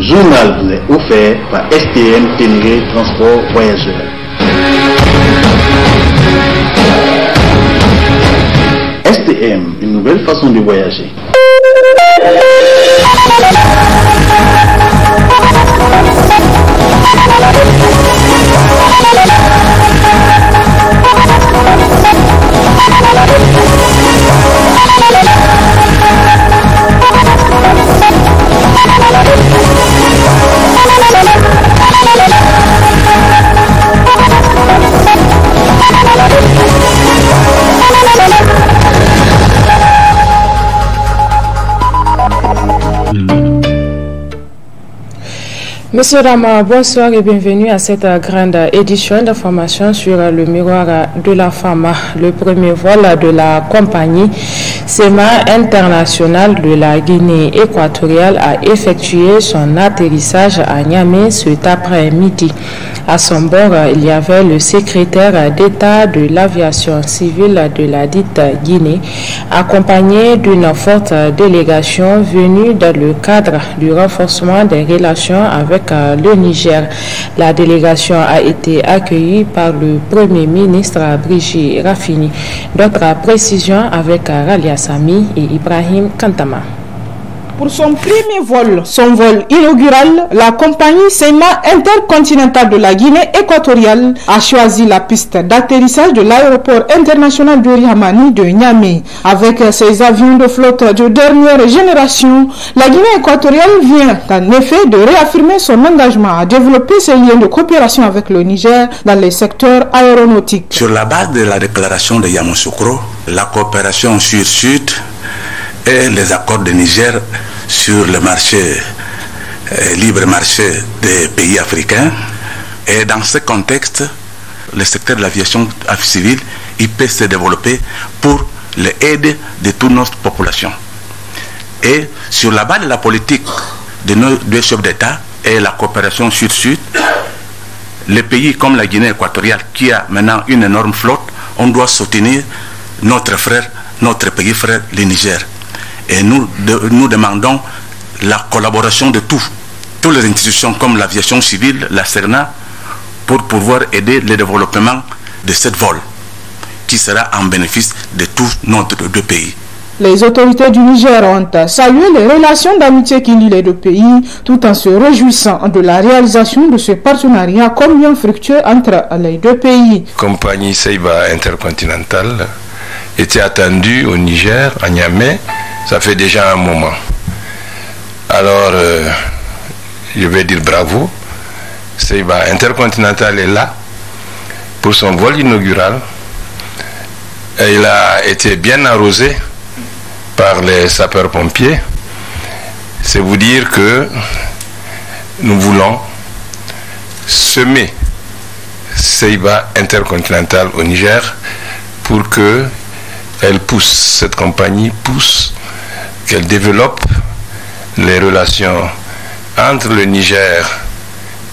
journal vous offert par STM Ténéré Transport Voyageurs. STM, une nouvelle façon de voyager. Monsieur Rama, bonsoir et bienvenue à cette grande édition d'information sur le miroir de la femme. Le premier vol de la compagnie SEMA International de la Guinée équatoriale a effectué son atterrissage à Niamey cet après-midi. À son bord, il y avait le secrétaire d'État de l'aviation civile de la dite Guinée, accompagné d'une forte délégation venue dans le cadre du renforcement des relations avec euh, le Niger. La délégation a été accueillie par le Premier ministre Brigitte Raffini. D'autres précisions avec euh, Ralia Sami et Ibrahim Kantama. Pour son premier vol, son vol inaugural, la compagnie SEMA Intercontinental de la Guinée équatoriale a choisi la piste d'atterrissage de l'aéroport international de Riamani de Niamey. Avec ses avions de flotte de dernière génération, la Guinée équatoriale vient en effet de réaffirmer son engagement à développer ses liens de coopération avec le Niger dans les secteurs aéronautiques. Sur la base de la déclaration de Yamoussoukro, la coopération sur-sud et les accords de Niger sur le marché, euh, libre marché des pays africains. Et dans ce contexte, le secteur de l'aviation civile, il peut se développer pour l'aide de toute notre population. Et sur la base de la politique de nos deux chefs d'État et la coopération sud-sud, les pays comme la Guinée équatoriale, qui a maintenant une énorme flotte, on doit soutenir notre frère, notre pays frère, le Niger. Et nous, nous demandons la collaboration de tous, toutes les institutions comme l'aviation civile, la Serna, pour pouvoir aider le développement de cette vol qui sera en bénéfice de tous nos deux pays. Les autorités du Niger ont salué les relations d'amitié qui lient les deux pays tout en se réjouissant de la réalisation de ce partenariat commun fructueux entre les deux pays. Compagnie Seiba Intercontinentale était attendue au Niger, à Niamey, ça fait déjà un moment. Alors, euh, je vais dire bravo. Seiba Intercontinental est là pour son vol inaugural. il a été bien arrosé par les sapeurs-pompiers. C'est vous dire que nous voulons semer Seiba Intercontinental au Niger pour que elle pousse, cette compagnie pousse qu'elle développe les relations entre le Niger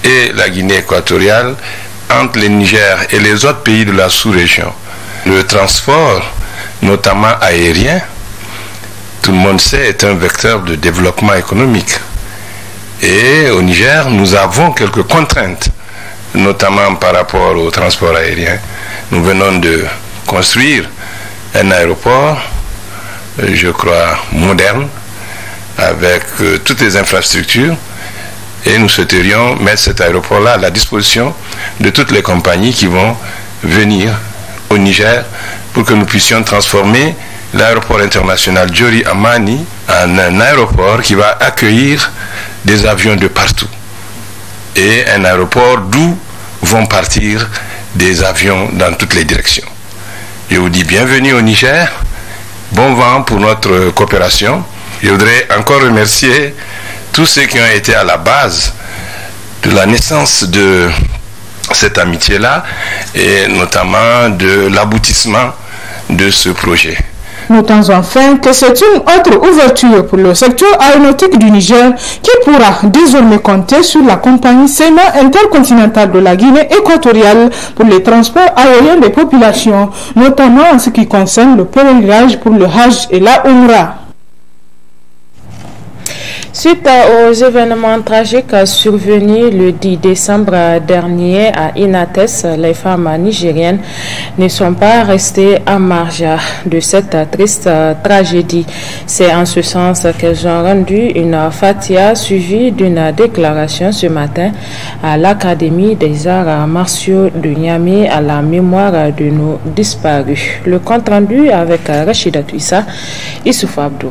et la Guinée équatoriale, entre le Niger et les autres pays de la sous-région. Le transport, notamment aérien, tout le monde sait, est un vecteur de développement économique. Et au Niger, nous avons quelques contraintes, notamment par rapport au transport aérien. Nous venons de construire un aéroport je crois, moderne, avec euh, toutes les infrastructures. Et nous souhaiterions mettre cet aéroport-là à la disposition de toutes les compagnies qui vont venir au Niger pour que nous puissions transformer l'aéroport international Jori Amani en un aéroport qui va accueillir des avions de partout. Et un aéroport d'où vont partir des avions dans toutes les directions. Je vous dis bienvenue au Niger. Bon vent pour notre coopération. Je voudrais encore remercier tous ceux qui ont été à la base de la naissance de cette amitié-là et notamment de l'aboutissement de ce projet. Notons enfin que c'est une autre ouverture pour le secteur aéronautique du Niger qui pourra désormais compter sur la compagnie SEMA intercontinentale de la Guinée équatoriale pour les transports aériens des populations, notamment en ce qui concerne le pèlerinage pour le Hajj et la Umrah. Suite aux événements tragiques survenus le 10 décembre dernier à Inates, les femmes nigériennes ne sont pas restées à marge de cette triste tragédie. C'est en ce sens qu'elles ont rendu une fatia suivie d'une déclaration ce matin à l'Académie des arts martiaux de Niamey à la mémoire de nos disparus. Le compte rendu avec Rachida Twissa et Abdou.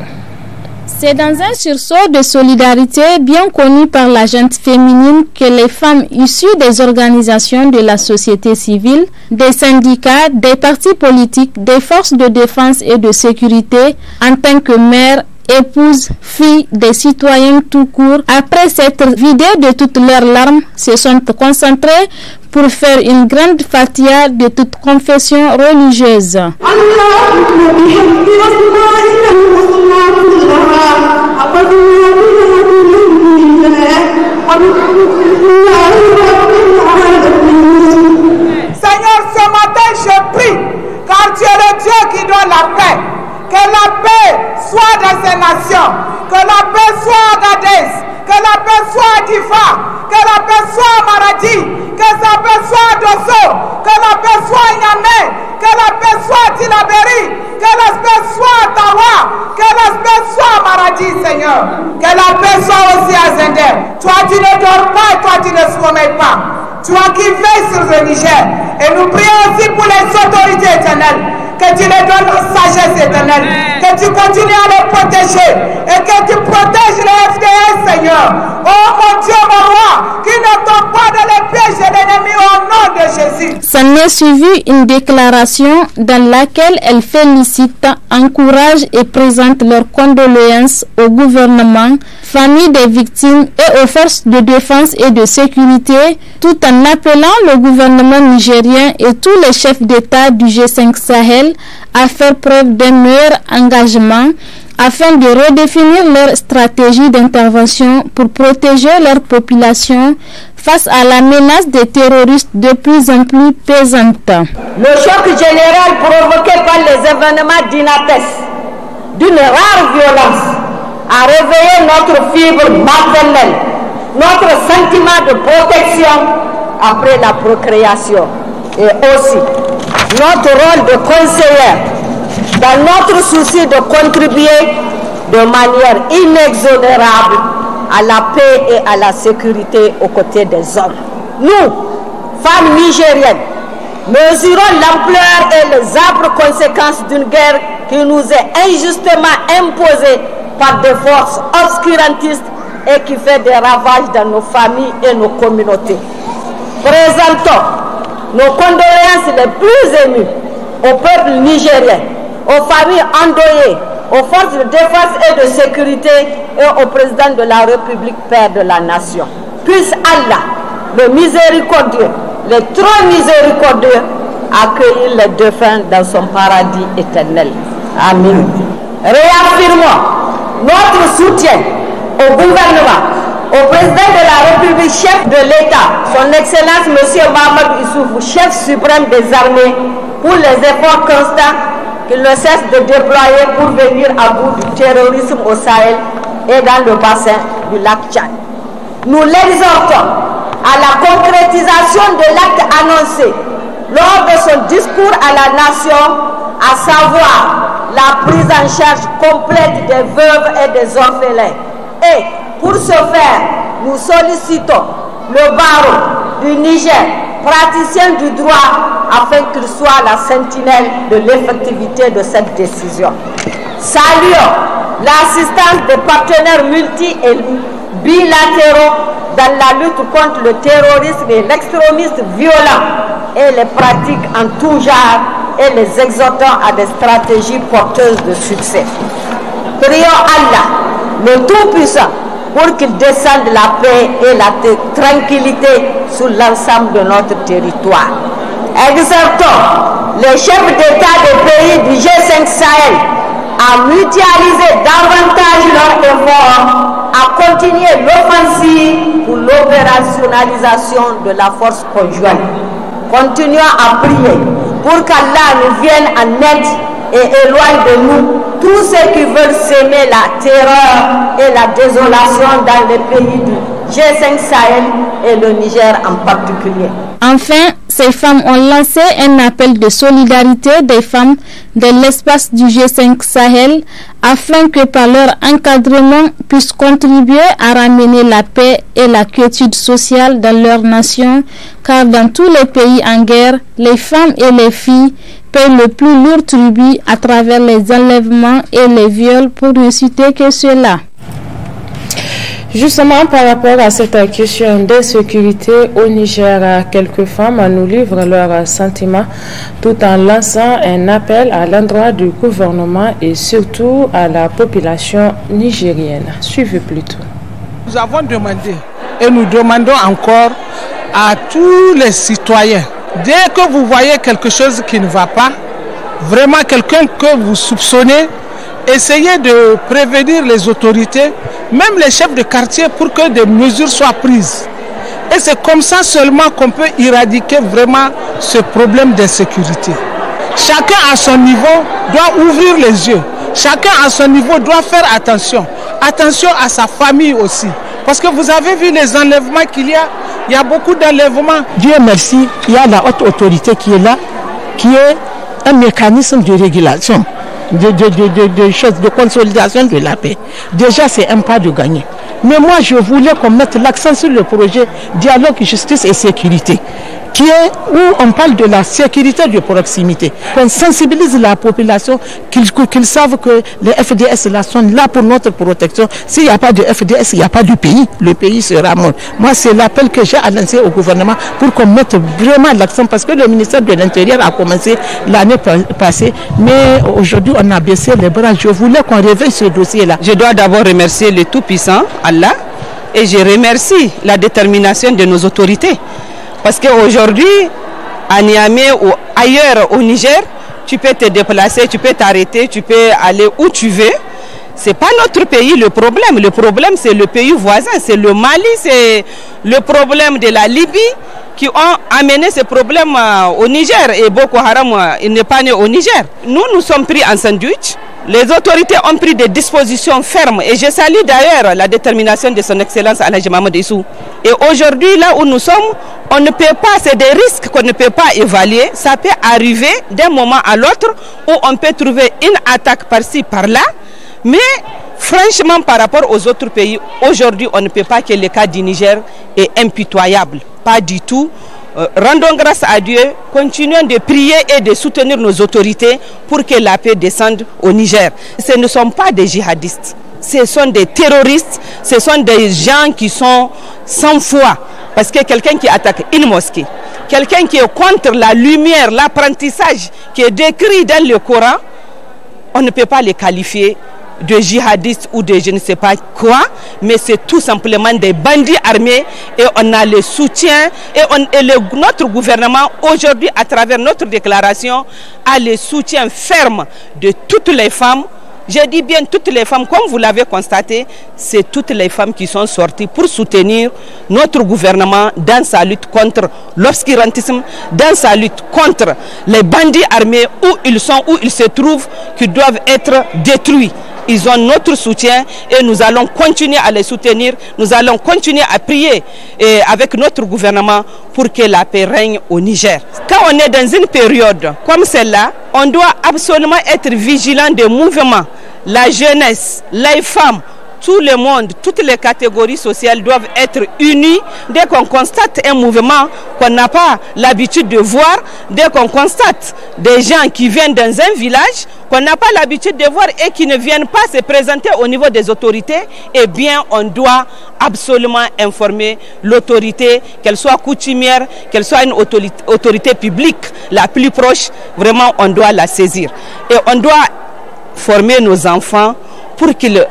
C'est dans un sursaut de solidarité bien connu par la gente féminine que les femmes issues des organisations de la société civile, des syndicats, des partis politiques, des forces de défense et de sécurité, en tant que mères, épouses, filles des citoyens tout court, après s'être vidées de toutes leurs larmes, se sont concentrées pour faire une grande fatia de toute confession religieuse. i Allah, apa dia ne se pas. qui veilles sur le Niger, et nous prions aussi pour les autorités éternelles, que tu les donnes la sagesse éternelle, que tu continues à les protéger, et que tu protèges les FDS, Seigneur. Oh mon Dieu, mon roi, qui ne tombe pas dans les pièges de l'ennemi au nom de Jésus. S'en est suivi une déclaration dans laquelle elle félicite, encourage et présente leurs condoléances au gouvernement, famille des victimes et aux forces de défense et de sécurité, tout en appelant le gouvernement nigérien et tous les chefs d'État du G5 Sahel à faire preuve d'un meilleur engagement afin de redéfinir leur stratégie d'intervention pour protéger leur population face à la menace des terroristes de plus en plus le choc général provoqué par les événements d'Inates, d'une rare violence, a réveillé notre fibre maternelle, notre sentiment de protection après la procréation et aussi notre rôle de conseillère dans notre souci de contribuer de manière inexonérable à la paix et à la sécurité aux côtés des hommes. Nous, femmes nigériennes, mesurons l'ampleur et les âpres conséquences d'une guerre qui nous est injustement imposée par des forces obscurantistes et qui fait des ravages dans nos familles et nos communautés. Présentons nos condoléances les plus émues au peuple nigérien, aux familles endeuillées, aux forces de défense et de sécurité et au président de la République, père de la nation. Puisse Allah, le miséricordieux, les trop miséricordieux accueillir les défunts dans son paradis éternel. Amen. Réaffirmons notre soutien au gouvernement, au président de la République, chef de l'État, son Excellence M. Mamad Issoufou, chef suprême des armées, pour les efforts constants qu'il ne cesse de déployer pour venir à bout du terrorisme au Sahel et dans le bassin du lac Tchad. Nous l'exhortons à la concrétisation de l'acte annoncé lors de son discours à la nation, à savoir la prise en charge complète des veuves et des orphelins. Et pour ce faire, nous sollicitons le barreau du Niger, praticien du droit, afin qu'il soit la sentinelle de l'effectivité de cette décision. Saluons l'assistance des partenaires multi et bilatéraux dans la lutte contre le terrorisme et l'extrémisme violent et les pratiques en tout genre et les exhortant à des stratégies porteuses de succès. Prions Allah, le Tout-Puissant, pour qu'il descende la paix et la tranquillité sur l'ensemble de notre territoire. Exhortons les chefs d'État des pays du G5 Sahel à mutualiser davantage leurs efforts à continuer l'offensive pour l'opérationnalisation de la force conjointe. Continuons à prier pour qu'Allah nous vienne en aide et éloigne de nous tous ceux qui veulent s'aimer la terreur et la désolation dans les pays du G5 Sahel et le Niger en particulier. Enfin, ces femmes ont lancé un appel de solidarité des femmes de l'espace du G5 Sahel afin que par leur encadrement puissent contribuer à ramener la paix et la quiétude sociale dans leur nation, car dans tous les pays en guerre, les femmes et les filles paient le plus lourd tribut à travers les enlèvements et les viols pour ne citer que cela. Justement, par rapport à cette question de sécurité au Niger, quelques femmes nous livrent leurs sentiments tout en lançant un appel à l'endroit du gouvernement et surtout à la population nigérienne. Suivez plutôt. Nous avons demandé et nous demandons encore à tous les citoyens, dès que vous voyez quelque chose qui ne va pas, vraiment quelqu'un que vous soupçonnez, essayez de prévenir les autorités même les chefs de quartier pour que des mesures soient prises. Et c'est comme ça seulement qu'on peut éradiquer vraiment ce problème d'insécurité. Chacun à son niveau doit ouvrir les yeux. Chacun à son niveau doit faire attention. Attention à sa famille aussi. Parce que vous avez vu les enlèvements qu'il y a. Il y a beaucoup d'enlèvements. Dieu merci, il y a la haute autorité qui est là, qui est un mécanisme de régulation de, choses, de consolidation de la paix. Déjà, c'est un pas de gagner. Mais moi, je voulais qu'on mette l'accent sur le projet dialogue, justice et sécurité qui est où on parle de la sécurité de proximité. On sensibilise la population qu'ils savent que les FDS sont là pour notre protection. S'il n'y a pas de FDS, il n'y a pas du pays. Le pays sera mort. Moi, c'est l'appel que j'ai à au gouvernement pour qu'on mette vraiment l'accent parce que le ministère de l'Intérieur a commencé l'année passée, mais aujourd'hui on a baissé les bras. Je voulais qu'on réveille ce dossier-là. Je dois d'abord remercier le Tout-Puissant, Allah, et je remercie la détermination de nos autorités parce qu'aujourd'hui, à Niamey ou ailleurs au Niger, tu peux te déplacer, tu peux t'arrêter, tu peux aller où tu veux. Ce n'est pas notre pays le problème. Le problème, c'est le pays voisin, c'est le Mali, c'est le problème de la Libye qui ont amené ce problème euh, au Niger. Et Boko Haram, euh, il n'est pas né au Niger. Nous, nous sommes pris en sandwich. Les autorités ont pris des dispositions fermes et je salue d'ailleurs la détermination de son Excellence Alhaji Mahmoud Et aujourd'hui, là où nous sommes, on ne peut pas, c'est des risques qu'on ne peut pas évaluer. Ça peut arriver d'un moment à l'autre où on peut trouver une attaque par-ci, par-là. Mais franchement, par rapport aux autres pays, aujourd'hui, on ne peut pas que le cas du Niger est impitoyable. Pas du tout. Euh, rendons grâce à Dieu, continuons de prier et de soutenir nos autorités pour que la paix descende au Niger. Ce ne sont pas des djihadistes, ce sont des terroristes, ce sont des gens qui sont sans foi. Parce que quelqu'un qui attaque une mosquée, quelqu'un qui est contre la lumière, l'apprentissage qui est décrit dans le Coran, on ne peut pas les qualifier de djihadistes ou de je ne sais pas quoi, mais c'est tout simplement des bandits armés et on a le soutien et, on, notre gouvernement aujourd'hui à travers notre déclaration a le soutien ferme de toutes les femmes je dis bien toutes les femmes, comme vous l'avez constaté, c'est toutes les femmes qui sont sorties pour soutenir notre gouvernement dans sa lutte contre l'obscurantisme, dans sa lutte contre les bandits armés où ils sont, où ils se trouvent, qui doivent être détruits. Ils ont notre soutien et nous allons continuer à les soutenir. Nous allons continuer à prier eh, avec notre gouvernement pour que la paix règne au Niger. Quand on est dans une période comme celle-là, on doit absolument être vigilant des mouvements, la jeunesse, les femmes tout le monde, toutes les catégories sociales doivent être unies dès qu'on constate un mouvement qu'on n'a pas l'habitude de voir, dès qu'on constate des gens qui viennent dans un village qu'on n'a pas l'habitude de voir et qui ne viennent pas se présenter au niveau des autorités, eh bien on doit absolument informer l'autorité, qu'elle soit coutumière, qu'elle soit une autorité, autorité publique la plus proche, vraiment on doit la saisir. Et on doit former nos enfants pour qu'ils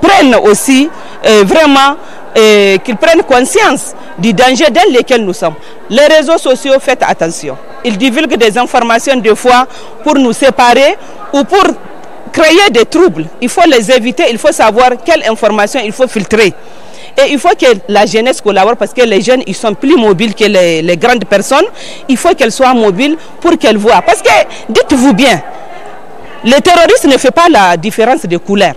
prennent aussi euh, vraiment, euh, qu'ils prennent conscience du danger dans lequel nous sommes. Les réseaux sociaux, faites attention. Ils divulguent des informations des fois pour nous séparer ou pour créer des troubles. Il faut les éviter, il faut savoir quelles informations il faut filtrer. Et il faut que la jeunesse collabore parce que les jeunes, ils sont plus mobiles que les, grandes personnes. Il faut qu'elles soient mobiles pour qu'elles voient. Parce que, dites-vous bien, les terroristes ne fait pas la différence de couleur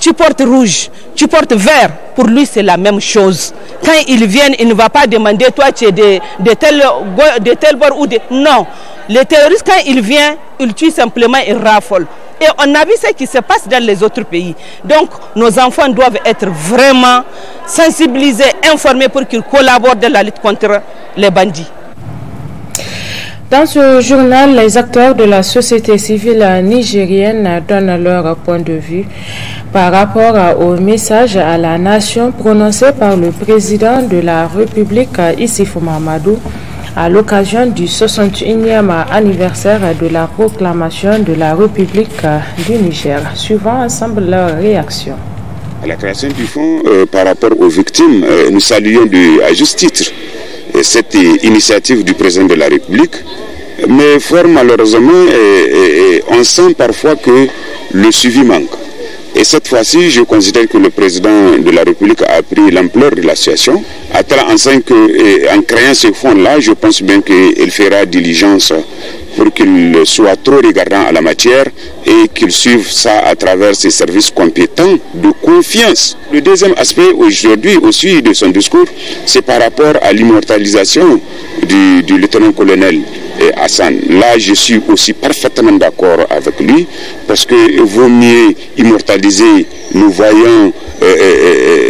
tu portes rouge, tu portes vert. Pour lui, c'est la même chose. Quand il viennent, il ne va pas demander, toi, tu es de, de, tel, de tel bord ou de... Non. Les terroristes, quand ils viennent, ils tuent simplement et raffolent. Et on a vu ce qui se passe dans les autres pays. Donc, nos enfants doivent être vraiment sensibilisés, informés pour qu'ils collaborent dans la lutte contre les bandits. Dans ce journal, les acteurs de la société civile nigérienne donnent leur point de vue par rapport au message à la nation prononcé par le président de la République, Issifou Mamadou, à l'occasion du 61e anniversaire de la proclamation de la République du Niger, suivant ensemble leur réaction. À la création du fonds euh, par rapport aux victimes, euh, nous saluons de, à juste titre cette euh, initiative du président de la République. Mais fort malheureusement, on sent parfois que le suivi manque. Et cette fois-ci, je considère que le président de la République a pris l'ampleur de la situation. À en créant ce fonds-là, je pense bien qu'il fera diligence pour qu'il soit trop regardant à la matière et qu'il suivent ça à travers ses services compétents de confiance. Le deuxième aspect aujourd'hui aussi de son discours, c'est par rapport à l'immortalisation du, du lieutenant-colonel. Là, je suis aussi parfaitement d'accord avec lui, parce qu'il vaut mieux immortaliser nos voyants euh, euh,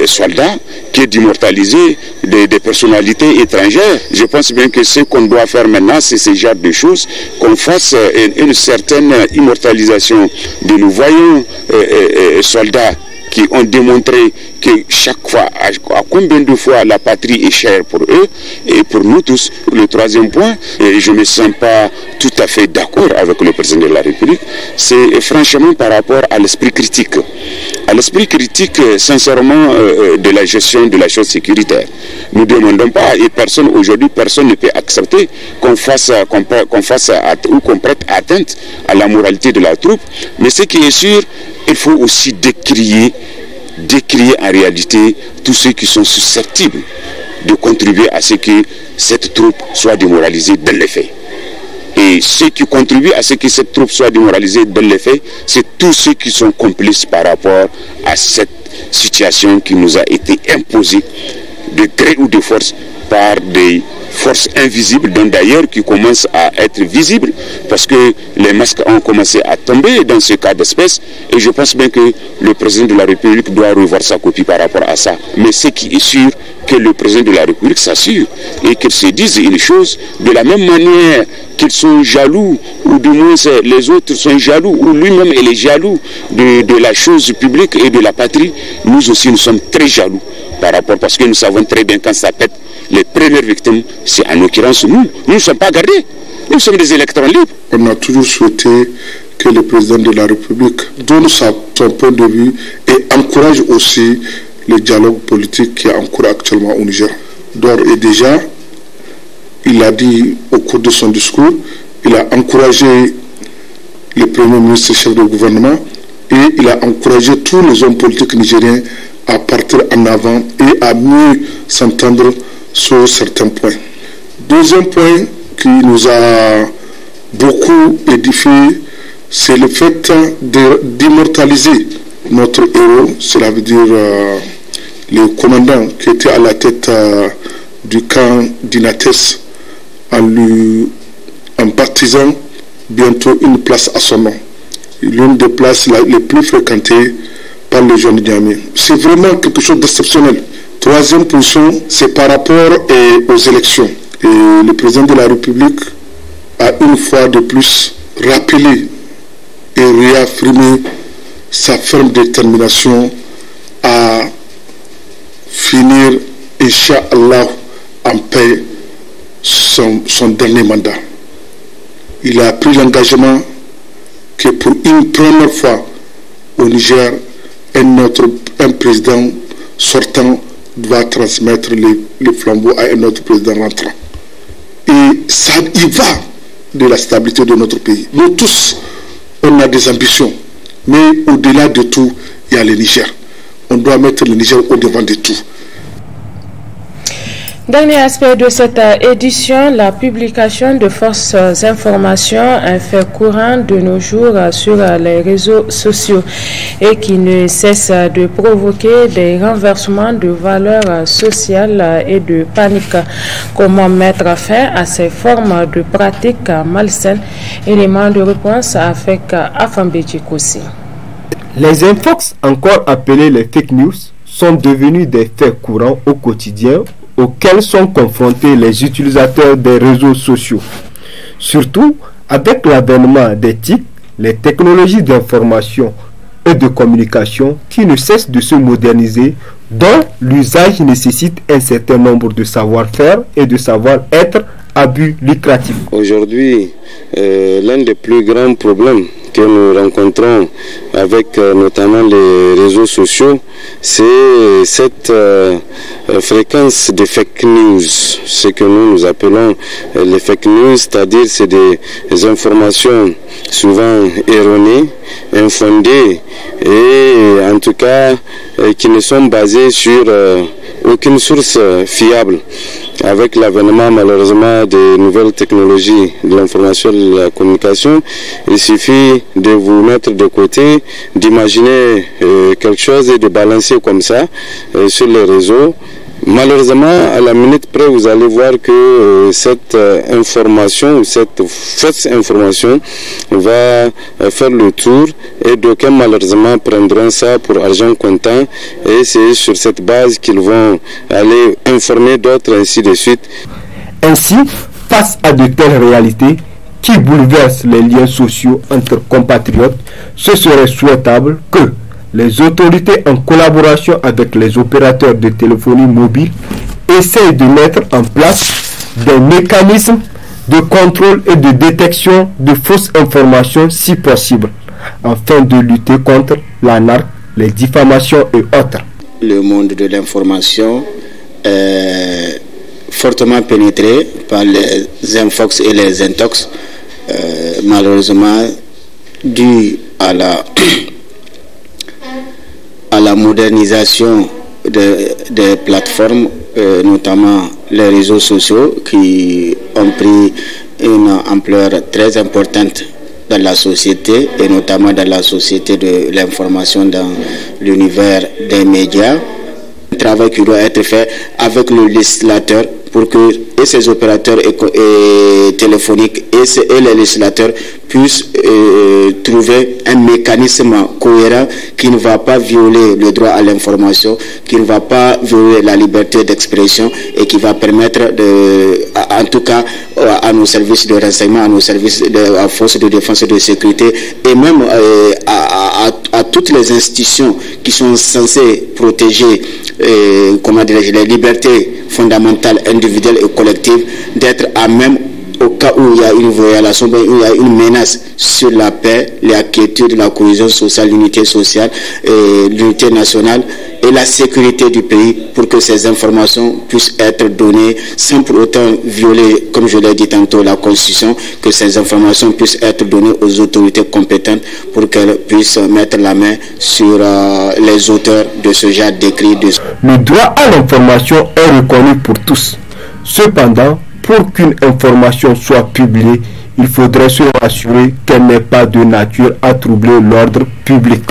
euh, soldats que d'immortaliser des, personnalités étrangères. Je pense bien que ce qu'on doit faire maintenant, c'est ce genre de choses, qu'on fasse une, certaine immortalisation de nos voyants soldats qui ont démontré chaque fois, à, combien de fois la patrie est chère pour eux et pour nous tous. Le troisième point, et je ne me sens pas tout à fait d'accord avec le président de la République, c'est franchement par rapport à l'esprit critique. À l'esprit critique, sincèrement, euh, euh, de la gestion de la chose sécuritaire. Nous ne demandons pas, et personne aujourd'hui, personne ne peut accepter qu'on fasse, qu'on fasse ou qu'on prête atteinte à la moralité de la troupe. Mais ce qui est sûr, il faut aussi décrier décrier en réalité tous ceux qui sont susceptibles de contribuer à ce que cette troupe soit démoralisée dans les faits. Et ceux qui contribuent à ce que cette troupe soit démoralisée dans les faits, c'est tous ceux qui sont complices par rapport à cette situation qui nous a été imposée de gré ou de force par des Force invisible, dont d'ailleurs qui commence à être visible parce que les masques ont commencé à tomber dans ce cas d'espèce, et je pense bien que le président de la République doit revoir sa copie par rapport à ça. Mais ce qui est sûr, que le président de la République s'assure et qu'il se dise une chose de la même manière qu'ils sont jaloux, ou du moins les autres sont jaloux, ou lui-même est jaloux de la chose publique et de la patrie, nous aussi nous sommes très jaloux par rapport, parce que nous savons très bien quand ça pète, les premières victimes, c'est en l'occurrence nous. Nous ne sommes pas gardés. Nous sommes des électeurs libres. On a toujours souhaité que le président de la République donne son point de vue et encourage aussi le dialogue politique qui est en cours actuellement au Niger. D'ores et déjà, il a dit au cours de son discours, il a encouragé le Premier ministre, chef de gouvernement, et il a encouragé tous les hommes politiques nigériens à partir en avant et à mieux s'entendre sur certains points. Deuxième point qui nous a beaucoup édifié, c'est le fait d'immortaliser notre héros, cela veut dire les euh, le commandant qui était à la tête euh, du camp d'Inates en lui en baptisant bientôt une place à son nom. L'une des places les plus fréquentées par les jeunes C'est vraiment quelque chose d'exceptionnel. Troisième position, c'est par rapport eh, aux élections. Et le président de la République a une fois de plus rappelé et réaffirmé sa ferme détermination à finir, Inch'Allah, en paix son dernier mandat. Il a pris l'engagement que pour une première fois au Niger, un, autre, un président sortant doit transmettre les, les flambeaux à un autre président rentrant. Et ça y va de la stabilité de notre pays. Nous tous, on a des ambitions, mais au-delà de tout, il y a le Niger. On doit mettre le Niger au devant de tout. Dernier aspect de cette euh, édition, la publication de fausses euh, informations, un fait courant de nos jours euh, sur les réseaux sociaux et qui ne cesse de provoquer des renversements de valeurs sociales et de panique. Comment mettre fin à ces formes de pratiques malsaines Élément de réponse avec aussi. Les infox, encore appelés les fake news, sont devenus des faits courants au quotidien auxquels sont confrontés les utilisateurs des réseaux sociaux. Surtout avec l'avènement des TIC, les technologies d'information et de communication qui ne cessent de se moderniser, dont l'usage nécessite un certain nombre de savoir-faire et de savoir-être à but lucratif. Aujourd'hui, euh, l'un des plus grands problèmes nous rencontrons avec euh, notamment les réseaux sociaux, c'est cette euh, euh, fréquence des fake news, ce que nous, nous appelons les fake news, c'est-à-dire c'est des informations souvent erronées, infondées et en tout cas qui ne sont basées sur aucune source euh, fiable. Avec l'avènement malheureusement des nouvelles technologies de l'information et de la communication, il suffit de vous mettre de côté, d'imaginer euh, quelque chose et de balancer comme ça euh, sur les réseaux. Malheureusement, à la minute près, vous allez voir que euh, cette euh, information, cette fausse information va euh, faire le tour et d'aucuns malheureusement prendront ça pour argent comptant et c'est sur cette base qu'ils vont aller informer d'autres ainsi de suite. Ainsi, face à de telles réalités qui bouleversent les liens sociaux entre compatriotes, ce serait souhaitable que les autorités en collaboration avec les opérateurs de téléphonie mobile essayent de mettre en place des mécanismes de contrôle et de détection de fausses informations si possible, afin de lutter contre la les diffamations et autres. Le monde de l'information est fortement pénétré par les infox et les intox, euh, malheureusement dû à la la modernisation des plateformes, euh, notamment les réseaux sociaux, qui ont pris une ampleur très importante dans la société et notamment dans la société de l'information dans l'univers des médias. Un travail qui doit être fait avec le législateur pour que ces opérateurs téléphoniques et, les législateurs puissent euh, trouver un mécanisme cohérent qui ne va pas violer le droit à l'information, qui ne va pas violer la liberté d'expression et qui va permettre, de, en tout cas, à, nos services de renseignement, à nos services de forces de défense et de sécurité et même euh, à, toutes les institutions qui sont censées protéger euh, les libertés fondamentales individuelles individuelle et collectif d'être à même au cas où il y a une violation, où il y a une menace sur la paix, la quiétude, la cohésion sociale, l'unité sociale, l'unité nationale et la sécurité du pays pour que ces informations puissent être données sans pour autant violer, comme je l'ai dit tantôt, la Constitution, que ces informations puissent être données aux autorités compétentes pour qu'elles puissent mettre la main sur euh, les auteurs de ce genre d'écrit. Le droit à l'information est reconnu pour tous Cependant, pour qu'une information soit publiée, il faudrait se rassurer qu'elle n'est pas de nature à troubler l'ordre public.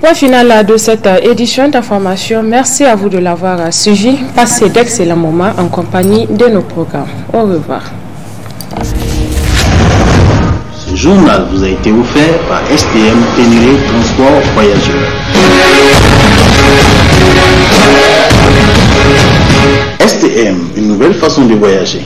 Point final de cette euh, édition d'information. Merci à vous de l'avoir euh, suivi. Passez d'excellents moments en compagnie de nos programmes. Au revoir. Ce journal vous a été offert par STM Ténéré Transport Voyageurs. STM, une nouvelle façon de voyager.